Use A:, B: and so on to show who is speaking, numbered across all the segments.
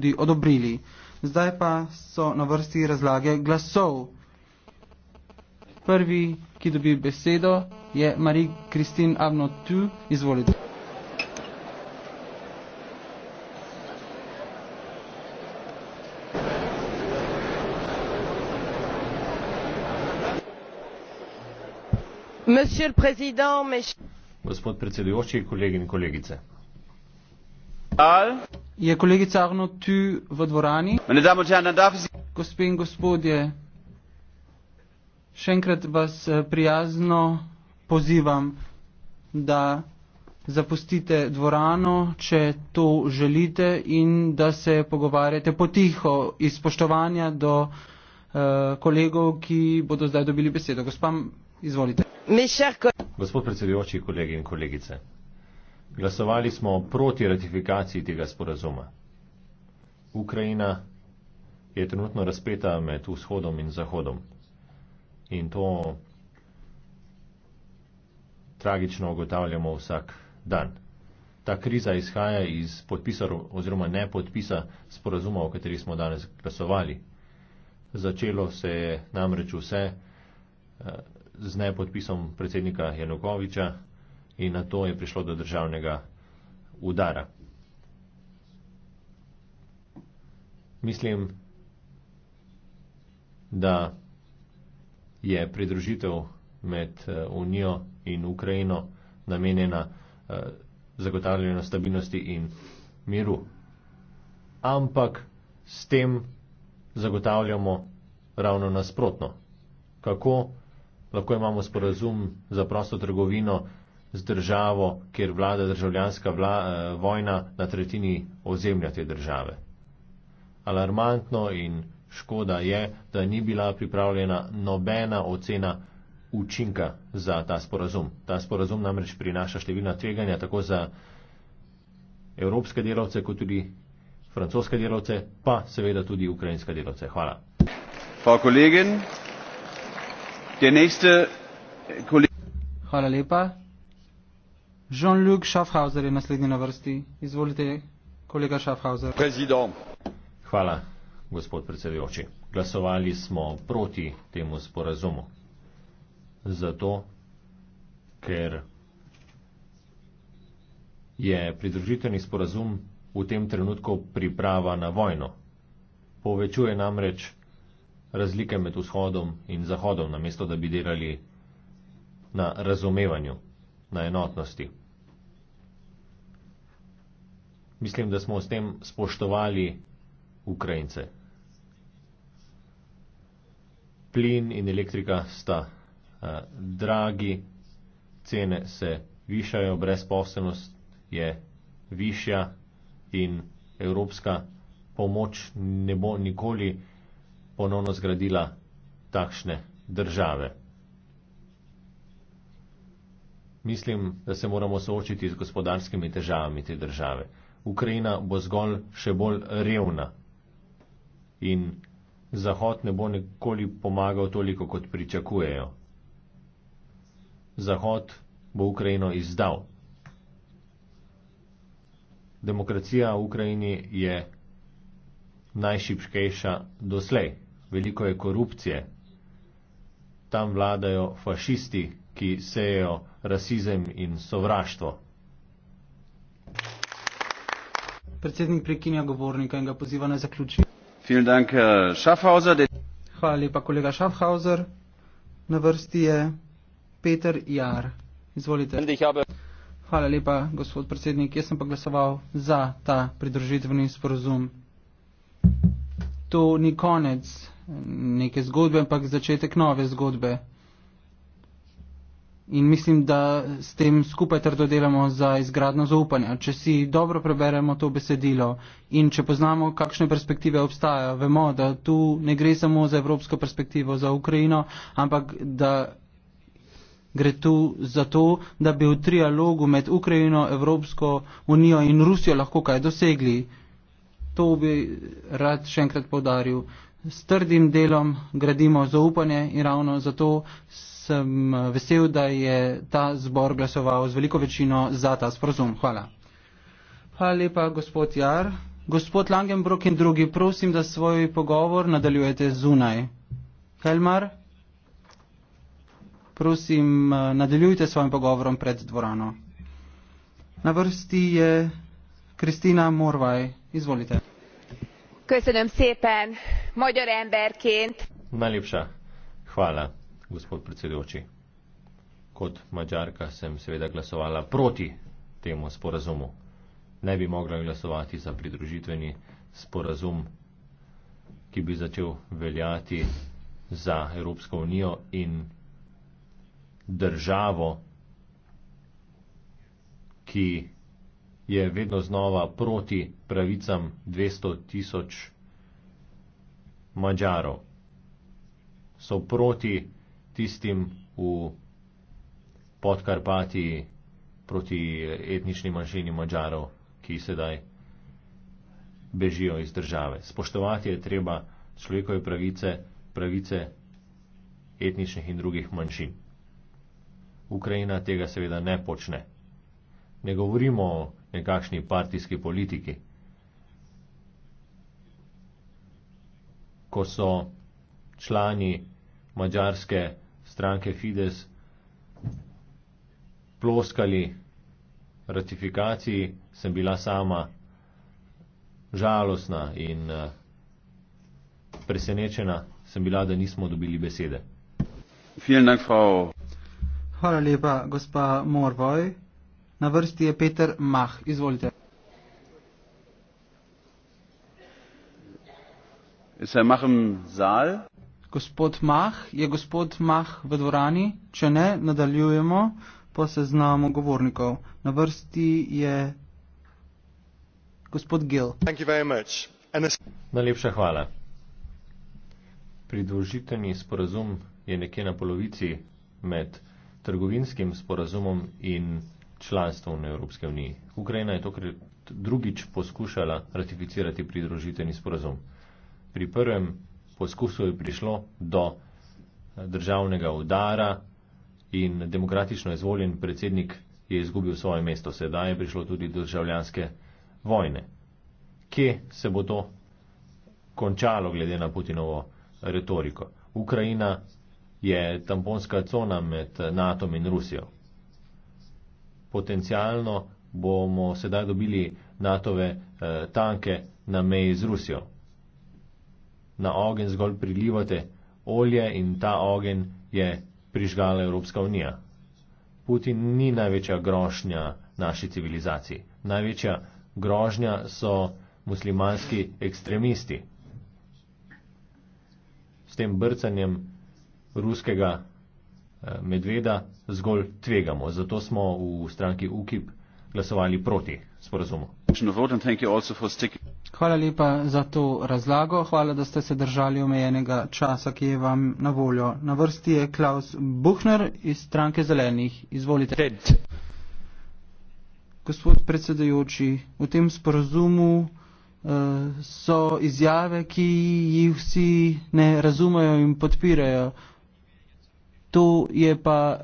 A: tudi odobrili. Zdaj pa so na vrsti razlage glasov. Prvi, ki dobi besedo, je Marie-Christine Avnotu. Izvolite.
B: Gospod predsedujoči, kolegi in kolegice.
A: Je kolegica Arno tu v dvorani? Gospe in gospodje, še enkrat vas eh, prijazno pozivam, da zapustite dvorano, če to želite in da se pogovarjate potiho iz spoštovanja do uh, kolegov, ki bodo zdaj dobili besedo. Gospa, izvolite.
B: Gospod predsedujoči, kolegi in kolegice. Glasovali smo proti ratifikaciji tega sporazuma. Ukrajina je trenutno razpeta med vzhodom in zahodom. In to tragično ugotavljamo vsak dan. Ta kriza izhaja iz podpisa oziroma ne podpisa sporazuma, o kateri smo danes glasovali. Začelo se je namreč vse eh, z nepodpisom predsednika Janukoviča, in na to je prišlo do državnega udara. Mislim, da je pridružitev med eh, Unijo in Ukrajino namenjena eh, zagotavljanju stabilnosti in miru. Ampak s tem zagotavljamo ravno nasprotno. Kako lahko imamo sporazum za prosto trgovino z državo, kjer vlada državljanska vla, eh, vojna na tretjini ozemlja te države. Alarmantno in škoda je, da ni bila pripravljena nobena ocena učinka za ta sporazum. Ta sporazum namreč prinaša številna tveganja tako za evropske delavce, kot tudi francoske delavce, pa seveda tudi ukrajinske delavce. Hvala.
A: Hvala lepa. Jean-Luc Schaffhauser je naslednji na vrsti. Izvolite, kolega Schaffhauser. President.
B: Hvala, gospod predsedujoči. Glasovali smo proti temu sporazumu. Zato, ker je pridružitveni sporazum v tem trenutku priprava na vojno. Povečuje namreč razlike med vzhodom in zahodom, namesto da bi delali na razumevanju, na enotnosti. Mislim, da smo s tem spoštovali Ukrajince. Plin in elektrika sta eh, dragi, cene se višajo, brezposobnost je višja in evropska pomoč ne bo nikoli ponovno zgradila takšne države. Mislim, da se moramo soočiti z gospodarskimi težavami te države. Ukrajina bo zgolj še bolj revna in Zahod ne bo nikoli pomagal toliko, kot pričakujejo. Zahod bo Ukrajino izdal. Demokracija v Ukrajini je najšipkejša doslej. Veliko je korupcije. Tam vladajo fašisti, ki sejejo rasizem in sovraštvo.
A: Predsednik prekinja govornika in ga poziva na zaključi. Dank, Schaffhauser. Hvala lepa, kolega Schaffhauser. Na vrsti je Peter Jar. Izvolite. Hvala lepa, gospod predsednik. Jaz sem pa glasoval za ta pridružitveni sporozum. To ni konec neke zgodbe, ampak začetek nove zgodbe in mislim, da s tem skupaj trdo delamo za izgradno zaupanja. Če si dobro preberemo to besedilo in če poznamo, kakšne perspektive obstajajo, vemo, da tu ne gre samo za evropsko perspektivo, za Ukrajino, ampak da gre tu za to, da bi v trialogu med Ukrajino, Evropsko unijo in Rusijo lahko kaj dosegli. To bi rad še enkrat povdaril. S trdim delom gradimo zaupanje in ravno zato sem eh, vesel, da je ta zbor glasoval z veliko večino za ta sporozum. Hvala. Hvala lepa, gospod Jar. Gospod Langenbrok in drugi, prosim, da svoj pogovor nadaljujete zunaj. Helmar, prosim, eh, nadaljujte svojim pogovorom pred dvorano. Na vrsti je Kristina Morvaj. Izvolite.
B: Köszönöm szépen, magyar emberként.
A: Najlepša. Hvala
B: gospod predsedujoči. Kot mađarka sem seveda glasovala proti temu sporazumu. Ne bi mogla glasovati za pridružitveni sporazum, ki bi začel veljati za Evropsko unijo in državo, ki je vedno znova proti pravicam 200 tisoč mađarov. So proti tistim v podkarpati proti etnični manjšini mačarov, ki sedaj bežijo iz države. Spoštovati je treba človekove pravice, pravice etničnih in drugih manjšin. Ukrajina tega seveda ne počne. Ne govorimo o nekakšni partijski politiki. Ko so člani mačarske stranke Fides ploskali ratifikaciji, sem bila sama žalostna in eh, presenečena, sem bila, da nismo dobili besede.
A: Hvala lepa, gospa Morvoj. Na vrsti je Peter Mah. Izvolite. Herr Mach im Saal. Gospod Mah, je gospod Mah v dvorani? Če ne, nadaljujemo po seznamu govornikov. Na vrsti je gospod Gil. Najlepša
B: hvala. Pridružitveni sporazum je nekje na polovici med trgovinskim sporazumom in članstvom v Evropske unije. Ukrajina je tokrat drugič poskušala ratificirati pridružitveni sporazum. Pri prvem poskusu je prišlo do državnega udara in demokratično izvoljen predsednik je izgubil svoje mesto. Sedaj je prišlo tudi do državljanske vojne. Kje se bo to končalo, glede na Putinovo retoriko? Ukrajina je tamponska cona med NATO in Rusijo. Potencialno bomo sedaj dobili NATO-ve eh, tanke na meji z Rusijo na ogenj zgolj prilivate olje in ta ogenj je prižgala Evropska unija. Putin ni največja grožnja naši civilizaciji. Največja grožnja so muslimanski ekstremisti. S tem brcanjem ruskega eh, medveda zgolj tvegamo. Zato smo v stranki UKIP glasovali proti sporazumu.
A: Hvala lepa za to razlago. Hvala, da ste se držali omejenega časa, ki je vam na voljo. Na vrsti je Klaus Buchner iz stranke zelenih. Izvolite. Red. Gospod predsedajoči, v tem sporazumu uh, so izjave, ki jih vsi ne razumejo in podpirajo. To je pa uh,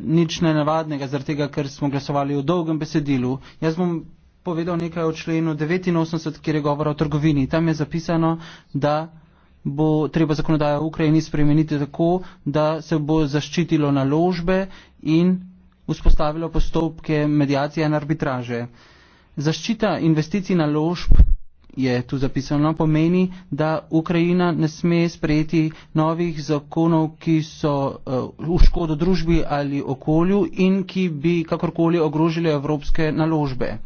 A: nič nenavadnega, zaradi tega, ker smo glasovali v dolgem besedilu. Jaz bom povedal nekaj o členu 89, kjer je govora o trgovini. Tam je zapisano, da bo treba zakonodajo v Ukrajini spremeniti tako, da se bo zaščitilo naložbe in vzpostavilo postopke medijacije in arbitraže. Zaščita investicij naložb je tu zapisano, pomeni, da Ukrajina ne sme sprejeti novih zakonov, ki so uh, v škodo družbi ali okolju in ki bi kakorkoli ogrožili evropske naložbe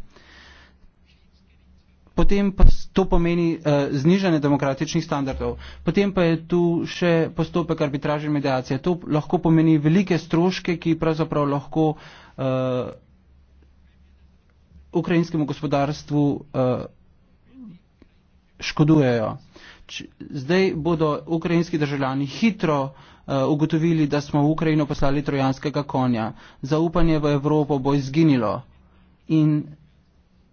A: potem pa to pomeni uh, znižanje demokratičnih standardov. Potem pa je tu še postopek arbitražne medijacije. To lahko pomeni velike stroške, ki pravzaprav lahko uh, ukrajinskemu gospodarstvu uh, škodujejo. Zdaj bodo ukrajinski državljani hitro uh, ugotovili, da smo v Ukrajino poslali trojanskega konja. Zaupanje v Evropo bo izginilo. In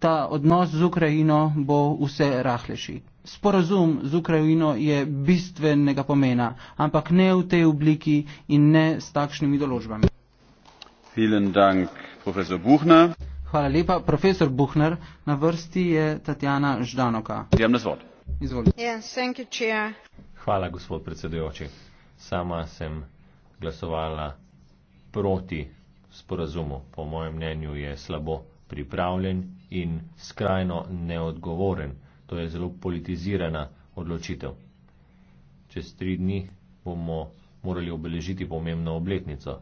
A: ta odnos z Ukrajino bo vse rahlejši. Sporazum z Ukrajino je bistvenega pomena, ampak ne v tej obliki in ne s takšnimi določbami. Hvala lepa. Profesor Buhner, na vrsti je Tatjana Ždanoka.
B: Yeah, Hvala, gospod predsedujoči. Sama sem glasovala proti sporazumu. Po mojem mnenju je slabo pripravljen in skrajno neodgovoren. To je zelo politizirana odločitev. Čez tri dni bomo morali obeležiti pomembno obletnico.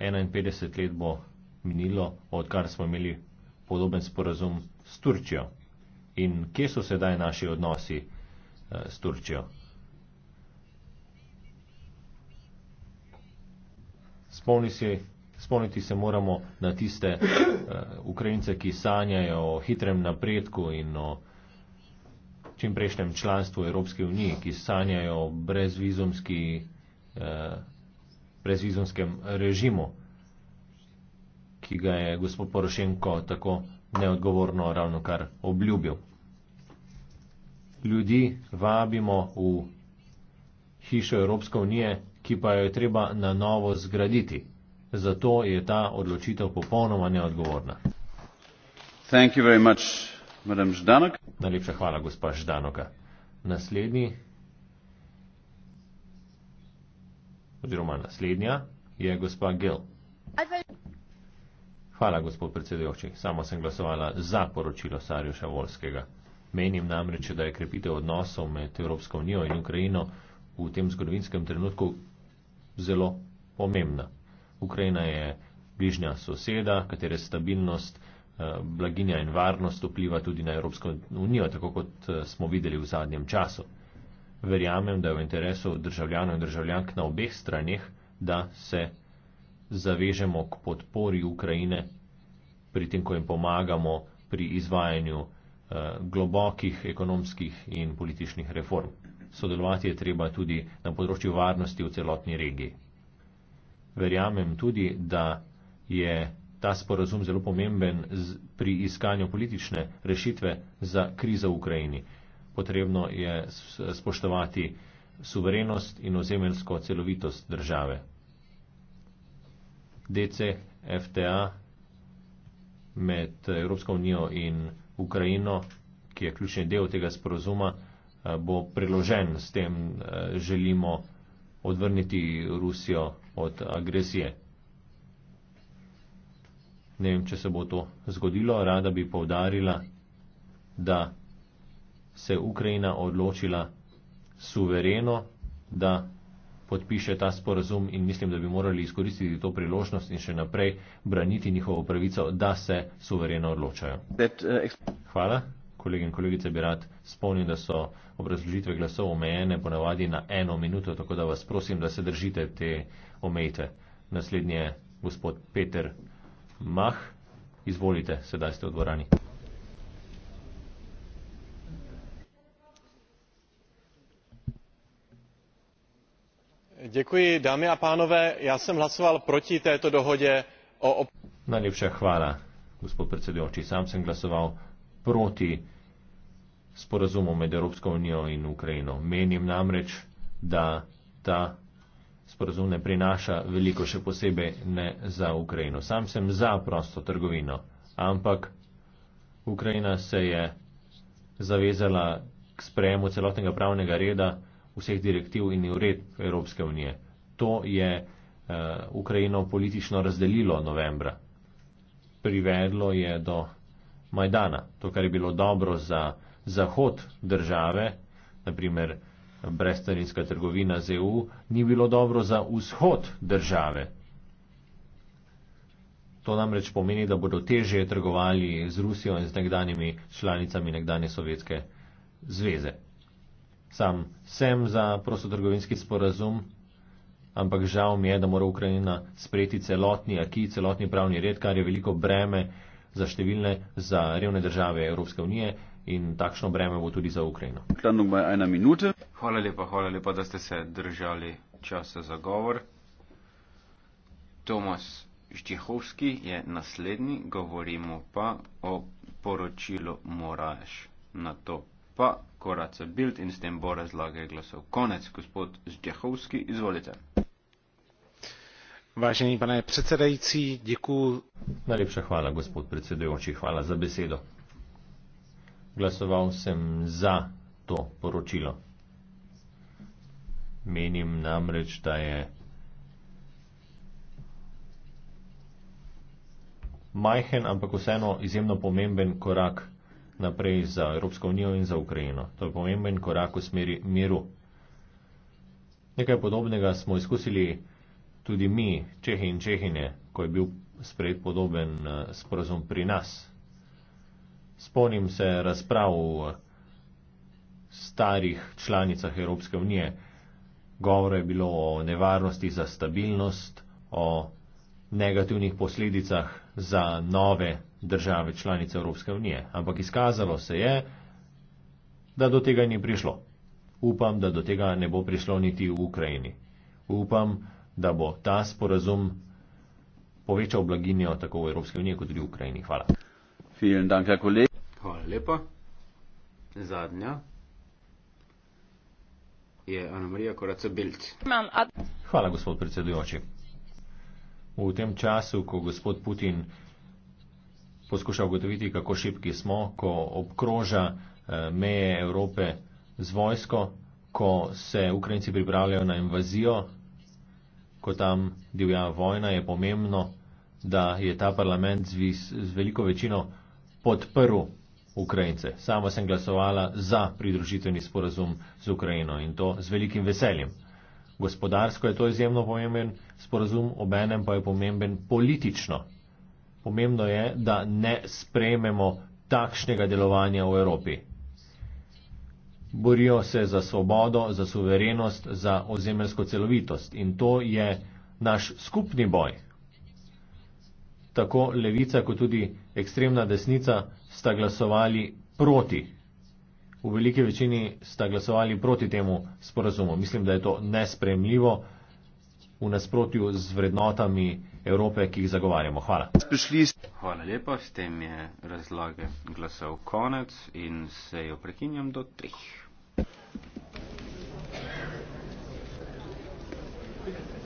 B: 51 let bo minilo, odkar smo imeli podoben sporazum s Turčijo. In kje so sedaj naši odnosi eh, s Turčijo? Spomni si Spomniti se moramo na tiste uh, Ukrajince, ki sanjajo o hitrem napredku in o čimprejšnjem članstvu Evropske unije, ki sanjajo o brezvizumski, uh, brezvizumskem režimu, ki ga je gospod Porošenko tako neodgovorno ravno kar obljubil. Ljudi vabimo v hišo Evropske unije, ki pa jo je treba na novo zgraditi. Zato je ta odločitev popolnoma neodgovorna. Much, Najlepša hvala, gospa Ždanoka. Naslednji oziroma naslednja je gospa Gil. Hvala, gospod predsedujoči. Samo sem glasovala za poročilo Sarjuša Volskega. Menim namreč, da je krepitev odnosov med Evropsko unijo in Ukrajino v tem zgodovinskem trenutku zelo pomembna. Ukrajina je bližnja soseda, katere stabilnost, eh, blaginja in varnost vpliva tudi na Evropsko unijo, tako kot eh, smo videli v zadnjem času. Verjamem, da je v interesu državljanov in državljank na obeh straneh, da se zavežemo k podpori Ukrajine, pri tem, ko jim pomagamo pri izvajanju eh, globokih ekonomskih in političnih reform. Sodelovati je treba tudi na področju varnosti v celotni regiji verjamem tudi, da je ta sporazum zelo pomemben z, pri iskanju politične rešitve za krizo v Ukrajini. Potrebno je spoštovati suverenost in ozemelsko celovitost države. DC, FTA med Evropsko unijo in Ukrajino, ki je ključni del tega sporozuma, eh, bo preložen. S tem eh, želimo odvrniti Rusijo od agresije. Ne vem, če se bo to zgodilo, rada bi povdarila, da se je Ukrajina odločila suvereno, da podpiše ta sporazum in mislim, da bi morali izkoristiti to priložnost in še naprej braniti njihovo pravico, da se suvereno odločajo. Uh, Hvala kolegi in kolegice bi rad spomnil, da so obrazložitve glasov omejene ponavadi na eno minuto, tako da vas prosim, da se držite te omejitve. Naslednji je gospod Peter Mah. Izvolite, sedaj ste v dvorani. Děkuji, dámy a pánové, já jsem hlasoval proti této dohodě o... Najlepša hvala, gospod predsedujoči, sam sem glasoval proti sporazumu med Evropsko unijo in Ukrajino. Menim namreč, da ta sporazum ne prinaša veliko, še posebej ne za Ukrajino. Sam sem za prosto trgovino, ampak Ukrajina se je zavezala k sprejemu celotnega pravnega reda vseh direktiv in ured Evropske unije. To je uh, Ukrajino politično razdelilo novembra. Privedlo je do Majdana. To, kar je bilo dobro za zahod države, naprimer brezcarinska trgovina z EU, ni bilo dobro za vzhod države. To namreč pomeni, da bodo teže trgovali z Rusijo in z nekdanjimi članicami nekdanje Sovjetske zveze. Sam sem za prostotrgovinski sporazum, ampak žal mi je, da mora Ukrajina sprejeti celotni aki, celotni pravni red, kar je veliko breme za številne, za revne države Evropske unije in takšno breme bo tudi za Ukrajino. Hvala lepa, hvala lepa, da ste se držali časa za govor. Tomas Štihovski je naslednji, govorimo pa o poročilu Moraš. Na to pa Korace Bild in s tem bo razlage glasov. Konec, gospod Štihovski, izvolite. Vážený pane predsedajúci, děkuji. Najlepšia chvála, gospod predsedujúci, chvála za besedo. Glasoval sem za to poročilo. Menim namreč, da je majhen, ampak vseeno izjemno pomemben korak naprej za Evropsko unijo in za Ukrajino. To je pomemben korak v smeri miru. Nekaj podobnega smo izkusili tudi mi, Čehi in Čehine, ko je bil sprejet podoben eh, sporozum pri nas. Spomnim se razprav v eh, starih članicah Evropske unije. Govore je bilo o nevarnosti za stabilnost, o negativnih posledicah za nove države članice Evropske unije. Ampak izkazalo se je, da do tega ni prišlo. Upam, da do tega ne bo prišlo niti v Ukrajini. Upam, da bo ta sporazum povečal blaginjo tako v Evropski uniji kot tudi v Ukrajini. Hvala. Hvala lepa. Zadnja je Anamarija Koracobilc. Hvala, gospod predsedujoči. V tem času, ko gospod Putin poskuša ugotoviti, kako šipki smo, ko obkroža eh, meje Evrope z vojsko, ko se Ukrajinci pripravljajo na invazijo ko tam divja vojna, je pomembno, da je ta parlament z, vis, z veliko večino podprl Ukrajince. Sama sem glasovala za pridružitveni sporazum z Ukrajino in to z velikim veseljem. Gospodarsko je to izjemno pomemben sporazum, obenem pa je pomemben politično. Pomembno je, da ne sprejmemo takšnega delovanja v Evropi borijo se za svobodo, za suverenost, za ozemelsko celovitost. In to je naš skupni boj. Tako levica, kot tudi ekstremna desnica sta glasovali proti. V veliki večini sta glasovali proti temu sporazumu. Mislim, da je to nespremljivo v nasprotju z vrednotami Evrope, ki jih zagovarjamo. Hvala. Hvala lepa, s tem je razlage glasov konec in se jo prekinjam do trih. Thank you.